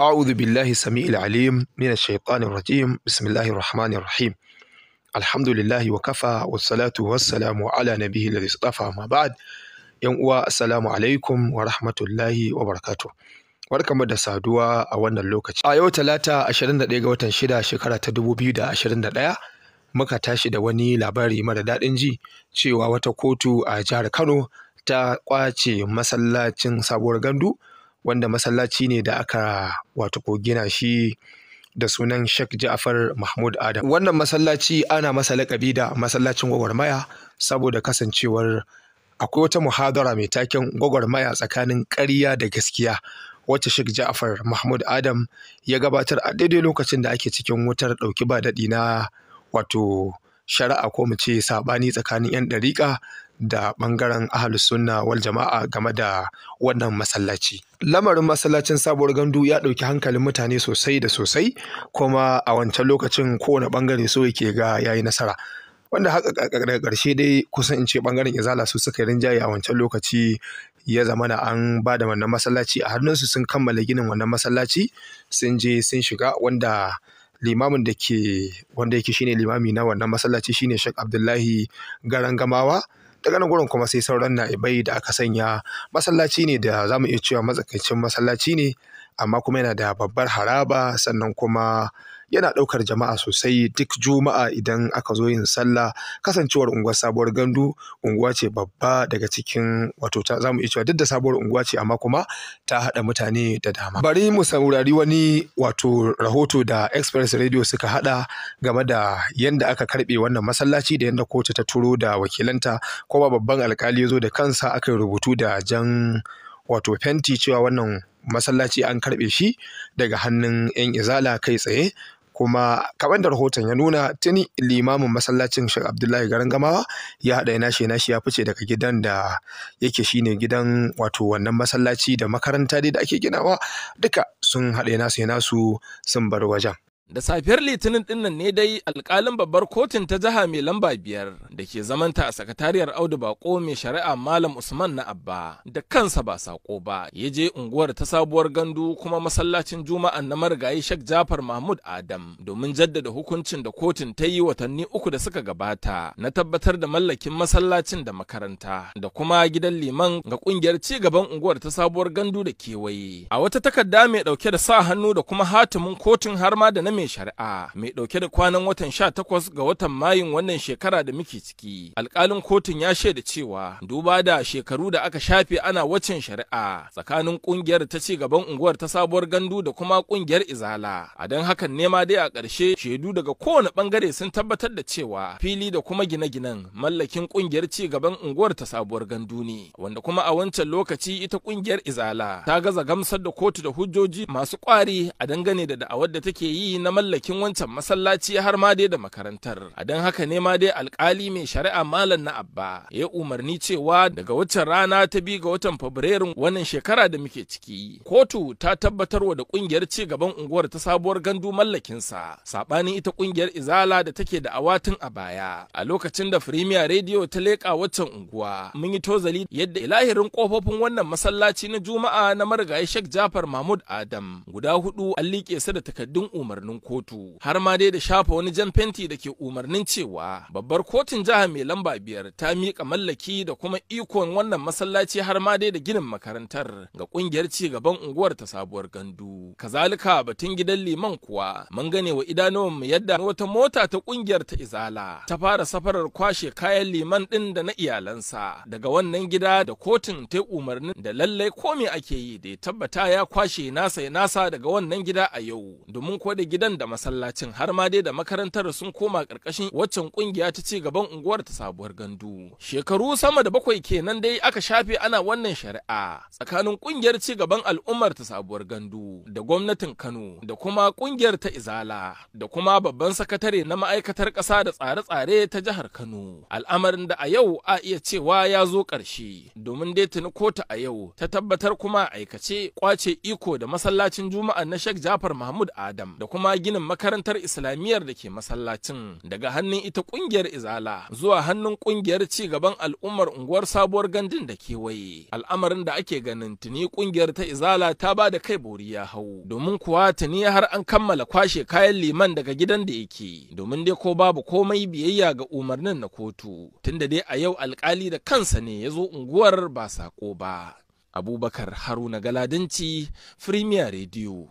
أعوذ بالله السميع العليم من الشيطان الرجيم بسم الله الرحمن الرحيم الحمد لله وكفى والصلاة والسلام على نبيه الذي اصطفى ما بعد uwa assalamu alaikum wa rahmatullahi wa barakatuh barkamu da saduwa a wannan lokaci a yau talata 21 ga watan 6 shekara ta 2021 muka tashi da wani labari mara daɗin ji cewa wata kotu a jihar Kano ta kwace masallacin sabuwar gandu wanda masallaci ne da aka wato ko gina shi da sunan Sheikh Ja'far Mahmud Adam. Wannan masallaci ana masa laƙabi da masallacin gwagwarmaya saboda kasancewar akwai wata muhadara mai taken gwagwarmaya tsakanin ƙarya da gaskiya wacce Sheikh Ja'far Mahmud Adam ya gabatar a daidai lokacin da ake cikin wutar ɗauki ba daɗi na wato shari'a ko mu ce saɓani tsakanin 'yan ɗariƙa da ɓangaren ahalus sunna wal jama'a game da wannan masallaci. Lamarin masallacin sabuwar gandu ya ɗauki hankalin mutane sosai da sosai kuma a wancan lokacin kowane ɓangare so yake ga yayi nasara. Wanda haka daga ƙarshe dai kusan in ce ɓangaren izala su suka rinjaye a wancan lokaci ya zama na an ba da wannan masallaci a hannunsu sun kammala ginin wannan masallaci sun je sun shiga wanda limamin da ke wanda yake shine limami na wannan masallaci shine Sheikh Abdullahi Garangamawa daga nan gurin kuma sai sauran na'ibai da aka sanya masallaci ne da za mu iya cewa matsakaicin masallaci ne amma kuma yana da babbar haraba sannan kuma yana ɗaukar jama'a sosai duk juma'a idan aka zo yin sallah kasancewar unguwar sabuwar gandu unguwa ce babba daga cikin wato ta zamu iya cewa duk da sabuwar unguwa ce amma kuma ta haɗa mutane da dama bari mu saurari wani wato rahoto da express radio suka haɗa game da yadda aka karɓe wannan masallaci da yanda kotu ta turo da wakilanta kuma babban alkali ya zo da kansa aka rubutu da jan wato fenti cewa wannan masallaci an karɓe shi daga hannun 'yan izala kai tsaye kuma kamar da rahoton ya nuna tuni limamin masallacin shek Abdullahi Garin Gamawa ya haɗa ina shi shi ya fice daga gidan da yake shine gidan wato wannan masallaci da makaranta dai da ake ginawa duka sun haɗa ina su sun bar wajen Da safiyar Litinin dinnan ne dai alkalin babbar kotun ta jiha mai lamba biyar da ke zamanta a sakatariyar Audu Bako mai shari'a Malam Usman na Abba da kansa ba sako ba ya je unguwar ta sabuwar gandu kuma masallacin juma'a na marigayi shak Jafar Mahmud Adam domin jaddada hukuncin da kotun ta yi watanni uku da suka gabata na tabbatar da mallakin masallacin da makaranta da kuma gidan liman ga kungiyar ci gaban unguwar ta sabuwar gandu da kewaye. A wata takarda mai dauke da sa hannu da kuma hatimin kotun har ma da na mai ne shari'a mai ɗauke da kwanan watan sha takwas ga watan Mayun wannan shekara da muke ciki. alkalin kotun ya shaida cewa duba da shekaru da aka shafe ana wacin shari'a tsakanin ƙungiyar ta ci gaban unguwar ta sabuwar gandu da kuma ƙungiyar Izala. A don hakan nema dai a ƙarshe shaidu daga kowane bangare sun tabbatar da cewa fili da kuma gine-ginen mallakin ƙungiyar ci gaban unguwar ta sabuwar gandu ne wanda kuma a wancan lokaci ita ƙungiyar Izala ta gaza gamsar da kotu da hujjoji masu ƙwari a dangane da da'awar da take yi na mallakin wancan masallaci har ma dai da makarantar a don haka ne ma dai alkali mai shari'a malam na abba ya umarni cewa daga waccan rana ta bi ga watan fabrairun wannan shekara da muke ciki kotu ta tabbatar wa. da kungiyar ci gaban unguwar ta sabuwar gandu mallakinsa sabanin ita kungiyar izala da take da awatin a baya a lokacin da firimiya rediyo ta leƙa waccan unguwa mun yi tozali yadda ilahirin kofofin wannan masallaci na juma'a na marigayi shek jafar mahmud adam guda hudu an liƙe su da takaddun umarnin umarnin kotu har ma dai da shafa wani jan fenti da ke umarnin cewa babbar kotun jiha mai lamba biyar ta miƙa mallaki da kuma ikon wannan masallaci har ma dai da ginin makarantar ga ƙungiyar ci gaban unguwar ta sabuwar gandu kazalika batun gidan liman kuwa mun gane wa idanuwan mu yadda wata mota ta ƙungiyar ta izala ta fara safarar kwashe kayan liman ɗin da na iyalansa daga wannan gida da kotun ta umarnin da lallai komai ake yi da ya tabbata ya kwashe nasa ya nasa daga wannan gida a yau domin ko da gida gidan da masallacin har ma dai da makarantar sun koma ƙarƙashin waccan ƙungiya ta ci gaban unguwar ta sabuwar gandu. Shekaru sama da bakwai kenan dai aka shafe ana wannan shari'a tsakanin ƙungiyar ci gaban al'ummar ta sabuwar gandu da gwamnatin Kano da kuma ƙungiyar ta Izala da kuma babban sakatare na ma'aikatar ƙasa da tsare-tsare ta jihar Kano. Al'amarin da a yau a iya cewa ya zo ƙarshe domin dai tuni kota a yau ta tabbatar kuma aikace kwace iko da masallacin Juma'a na Sheikh Jafar Mahmud Adam da kuma ginin makarantar islamiyyar da ke masallacin daga hannun ita kungiyar izala zuwa hannun kungiyar ci gaban al'ummar unguwar sabuwar gandun da kewaye al'amarin da ake ganin tuni kungiyar ta izala ta ba da kai bori ya hau domin kuwa tuni har an kammala kwashe kayan liman daga gidan da yake domin dai ko babu komai biyayya ga umarnin na kotu tunda dai a yau alkali da kansa ne ya zo unguwar ba sako ba abubakar haruna galadinci premier radio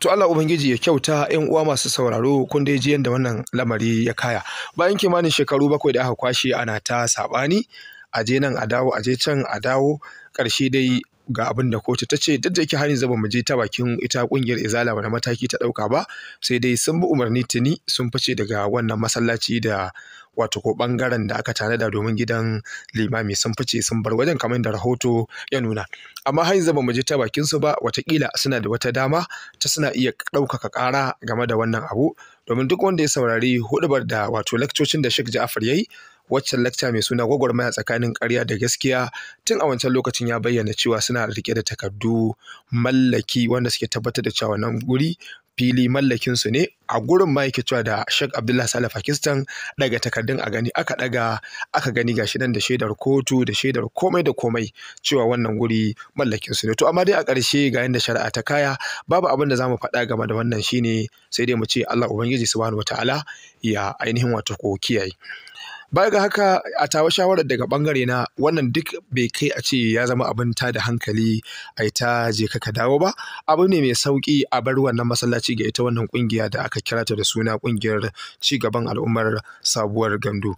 To Allah Ubangiji ya kyauta ‘yan uwa masu sauraro kun dai ji yadda wannan lamari ya kaya. Bayan kimanin shekaru bakwai da aka kwashe ana ta saɓani, aje nan a dawo, a je can a dawo, ƙarshe dai ga abin da kotu ta ce duk da yake har zaba mu je ta bakin ita kungiyar izala wani mataki ta dauka ba sai dai sun bi umarni tuni sun fice daga wannan masallaci da wato ko bangaren da aka tanada domin gidan limami sun fice sun bar wajen kamar da rahoto ya nuna amma har zaba mu je ta bakin su ba watakila suna da wata dama ta suna iya daukaka kara game da wannan abu domin duk wanda ya saurari hudubar da wato lakcocin da Sheikh Ja'far yayi waccan lacca mai suna gwagwarmaya tsakanin karya da gaskiya tun a wancan lokacin ya bayyana cewa suna rike da takardu mallaki wanda suke tabbatar da cewa nan guri fili mallakin su ne a gurin ma yake cewa da Sheikh Abdullah Saleh Pakistan daga takardun a gani aka daga aka gani gashi nan da shaidar kotu da shaidar komai da komai cewa wannan guri mallakin su ne to amma dai a ƙarshe ga yanda shari'a ta kaya babu abin da zamu faɗa game da wannan shine sai dai mu ce Allah ubangiji subhanahu wataala ya ainihin wato ko kiyaye Baya ga haka a tawa shawarar daga bangare na wannan duk bai kai a ce ya zama abin ta da hankali a ita je ka dawo ba abu ne mai sauƙi a bar wannan masallaci ga ita wannan ƙungiya da aka kira ta da suna kungiyar gaban al'ummar sabuwar gandu.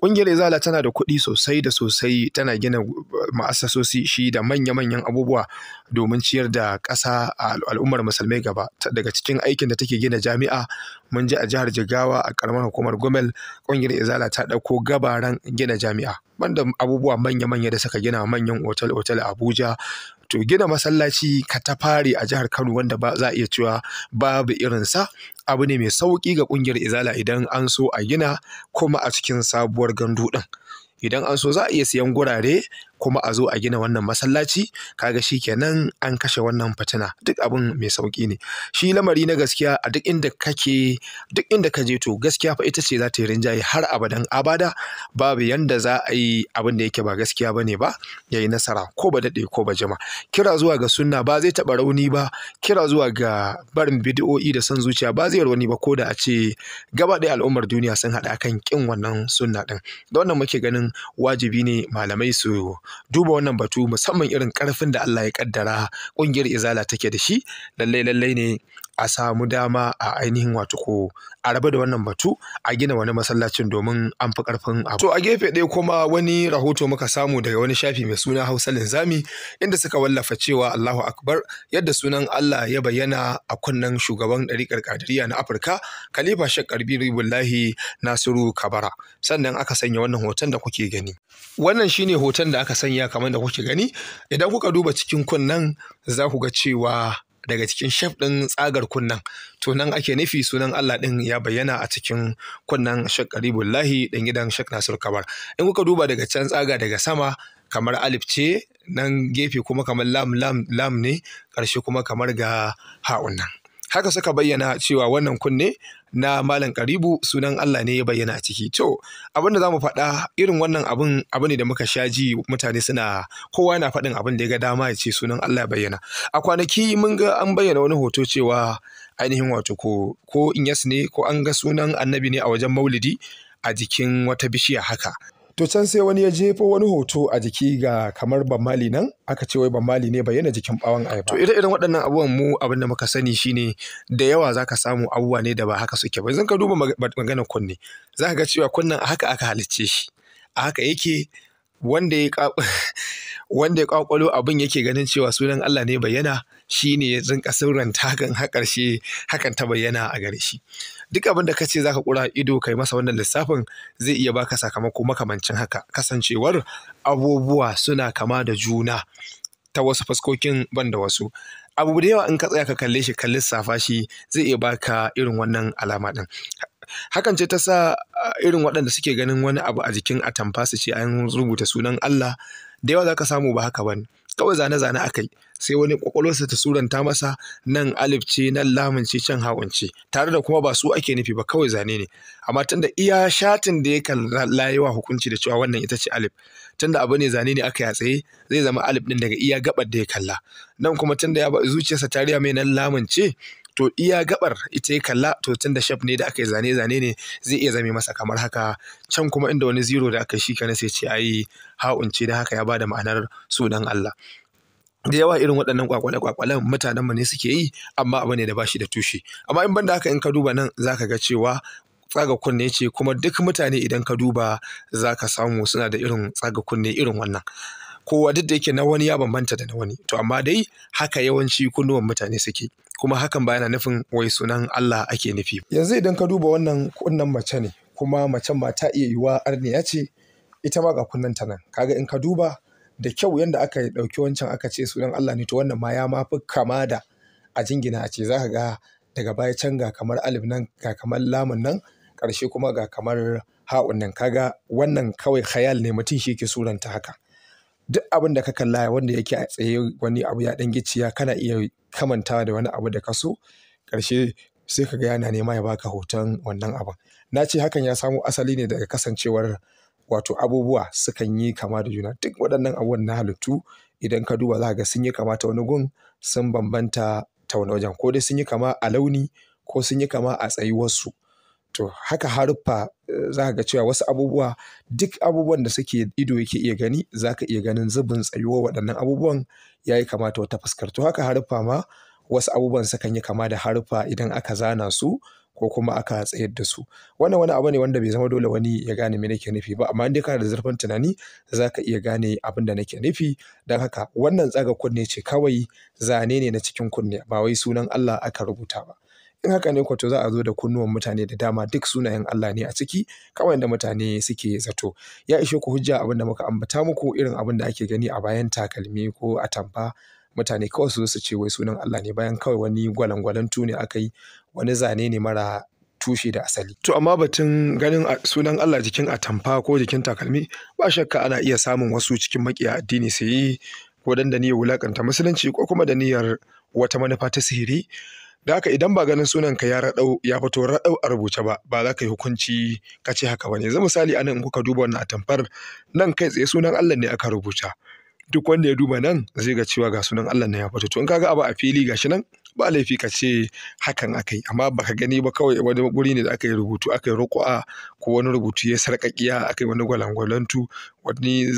Ƙungiyar Izala tana da kuɗi sosai da sosai tana gina uh, ma'asasosi shi da manya-manyan abubuwa domin ciyar da ƙasa a al'ummar musulmai gaba daga cikin aikin da take gina jami'a mun ji a jihar Jigawa a ƙaramar hukumar Gumel, ƙungiyar Izala ta ɗauko gabaran gina jami'a banda abubuwa manya-manya da suka gina manyan otal-otal a Abuja to gina masallaci katafare a jihar Kano wanda ba za a iya cewa babu irin sa, abu ne mai sauƙi ga ƙungiyar izala idan an so a gina kuma a cikin sabuwar gandu ɗin idan an so za a iya siyan gurare kuma a zo a gina wannan masallaci kaga kenan an kashe wannan fitina duk abin mai sauki ne shi lamari na gaskiya a duk inda kake duk inda ka je to gaskiya fa ita ce za ta yi rinjaye har abadan abada babu yanda za a yi abin da yake ba gaskiya bane ba ya yi nasara ko ba dade ko ba jima kira zuwa ga sunna ba zai taba rauni ba kira zuwa ga barin bidiyo'i da son zuciya ba zai rauni ba ko da a ce gaba ɗaya al'ummar duniya sun haɗa kan kin wannan sunna din da wannan muke ganin wajibi ne malamai su duba wannan batu musamman irin ƙarfin da Allah ya ƙaddara ƙungiyar Izala take da shi lallai lallai ne a samu dama a ainihin wato ko a rabu da wannan batu a gina wani masallacin domin an fi karfin abu. To a gefe ɗaya kuma wani rahoto muka samu daga wani shafi mai suna Hausa Linzami inda suka wallafa cewa Allahu Akbar yadda sunan Allah ya bayyana a kunnen shugaban ɗariƙar Kadiriyya na Afirka Khalifa Sheikh Karbi Ribullahi Nasiru Kabara sannan aka sanya wannan hoton da kuke gani. Wannan shine hoton da aka sanya kamar da kuke gani idan kuka duba cikin kunnen za ku ga cewa daga cikin shef ɗin tsagar kunnan to ake nufi sunan Allah ɗin ya bayyana a cikin kunnan ƙaribu lahi ɗan gidan shek Nasir Kabar in kuka duba daga can tsaga daga sama kamar alif ce nan gefe kuma kamar lam lam ne ƙarshe kuma kamar ga ha'un haka suka bayyana cewa wannan kunne na malam karibu sunan Allah ne ya bayyana a ciki to abin da za mu faɗa irin wannan abin abu ne da muka sha ji mutane suna kowa na faɗin abin da ya ga dama ya ce sunan Allah ya bayyana a kwanaki mun ga an bayyana wani hoto cewa ainihin wato ko ko in ne ko an ga sunan annabi ne a wajen maulidi a jikin wata bishiya haka to can sai wani ya jefo wani hoto a jiki ga kamar mali nan aka ce wai mali ne bayyana jikin bawon ayaba to ire irin waɗannan abubuwan mu abin da muka sani shine da yawa zaka samu abubuwa ne da ba haka suke ba yanzu ka duba maganar kunne zaka ga cewa kunnen a haka aka halicce shi a haka yake wanda ya wanda ya kwakwalo abin yake ganin cewa sunan Allah ne bayyana shine ya rinka sirranta hakan hakan ta bayyana a gare shi duk abin da kace zaka kura ido kai masa wannan lissafin zai iya baka sakamako makamancin haka kasancewar abubuwa suna kama da juna ta wasu faskokin ban da wasu abu da yawa in ka tsaya ka kalle shi ka lissafa shi zai iya baka irin wannan alama din hakan ce ta sa irin waɗanda suke ganin wani abu a jikin atamfa su ce an rubuta sunan Allah da yawa za ka samu ba haka bane kawai zane-zane aka yi sai wani kwakwalwarsa ta suranta masa nan alif ce nan lamunce can hawan ce tare da kuma ba su ake nufi ba kawai zane ne amma tunda iya shatin da ya kalla yawa hukunci da cewa wannan ita ce alif tunda abu ne zane ne aka tsaye, zai zama alif din daga iya gabar da ya kalla nan kuma tunda ya ba zuciyarsa tariya mai nan ce to iya gabar ita ya kalla to tun da shaf ne da aka yi zane-zane ne zai iya zame masa kamar haka can kuma inda wani zero da aka shi kana sai ce ayi yi ce da haka ya bada ma'anar sunan Allah da yawa irin waɗannan kwakwale kwakwale mutanen mu ne suke yi amma abu ne da bashi da tushe amma in banda haka in ka duba nan za ka ga cewa tsaga kunne ce kuma duk mutane idan ka duba zaka samu suna da irin tsaga kunne irin wannan kowa duk da yake na wani ya bambanta da na wani to amma dai haka yawanci kunnuwan mutane suke kuma hakan ba yana nufin wai sunan Allah ake nufi yanzu idan ka duba wannan kunnan mace ne kuma macen ma ta iya yiwa arniya ce ita ma ga kunnan ta nan kaga in ka duba da kyau yanda aka ɗauki wancan aka ce sunan Allah ne to wannan ma ya mafi kama da a jingina a ce za ka ga daga baya can ga kamar alif nan ga kamar lamun nan ƙarshe kuma ga kamar ha'un nan kaga wannan kawai khayal ne mutum shi ke suranta haka duk abin da ka kalla wanda yake a tsaye wani abu ya ɗan ya kana iya kamantawa da wani abu da ka so ƙarshe sai ka ga yana nema ya baka hoton wannan abin na ce hakan ya samo asali ne daga kasancewar wato abubuwa sukan yi kama da juna duk waɗannan abubuwan na halittu idan ka duba za ga sun yi kama ta wani gun sun bambanta ta wani wajen ko dai sun yi kama a launi ko sun yi kama a tsayuwarsu To haka haruffa eh, za ka ga cewa wasu abubuwa duk abubuwan da suke ido yake iya gani za ka iya ganin zubin tsayuwa waɗannan abubuwan ya yi kama wata fuskar. To haka haruffa ma wasu abubuwan sukan yi kama da haruffa idan aka zana su ko kuma aka tsayar da su. Wannan wani abu ne wanda bai zama dole wani ya gane me nake nufi ba amma in ka da zurfin tunani za ka iya gane abin da nake nufi. Don haka wannan tsaga kunne ce kawai zane ne na cikin kunne ba wai sunan Allah aka rubuta ba. In haka ne kwato za a zo da kunnuwan mutane da dama duk sunayen Allah ne a ciki kawai da mutane suke zato. Ya ishe ku hujja abin da muka ambata muku irin abin da ake gani a bayan takalmi ko a atamfa. Mutane kawai su su ce wai sunan Allah ne bayan kawai wani gwalangwalan ne aka yi wani zane ne mara tushe da asali. To amma batun ganin sunan Allah jikin atamfa ko jikin takalmi ba shakka ana iya samun wasu cikin makiya addini su yi ko dan da niyyar wulakanta musulunci ko kuma da niyyar wata manufa ta sihiri da haka idan ba ganin sunanka ya raɗau ya fito raɗau a rubuce ba ba za ka yi hukunci ka ce haka ba ne yanzu misali anan in kuka duba wannan atamfar nan kai tsaye sunan Allah ne aka rubuta duk wanda ya duba nan zai ga cewa ga sunan Allah ne ya fito to in kaga abu a fili gashi nan ba laifi ka ce hakan aka yi. amma baka gani ba kawai wani guri ne da aka yi rubutu aka yi ruku'a ko wani rubutu ya sarƙaƙiya aka yi wani gwalangwalantu wani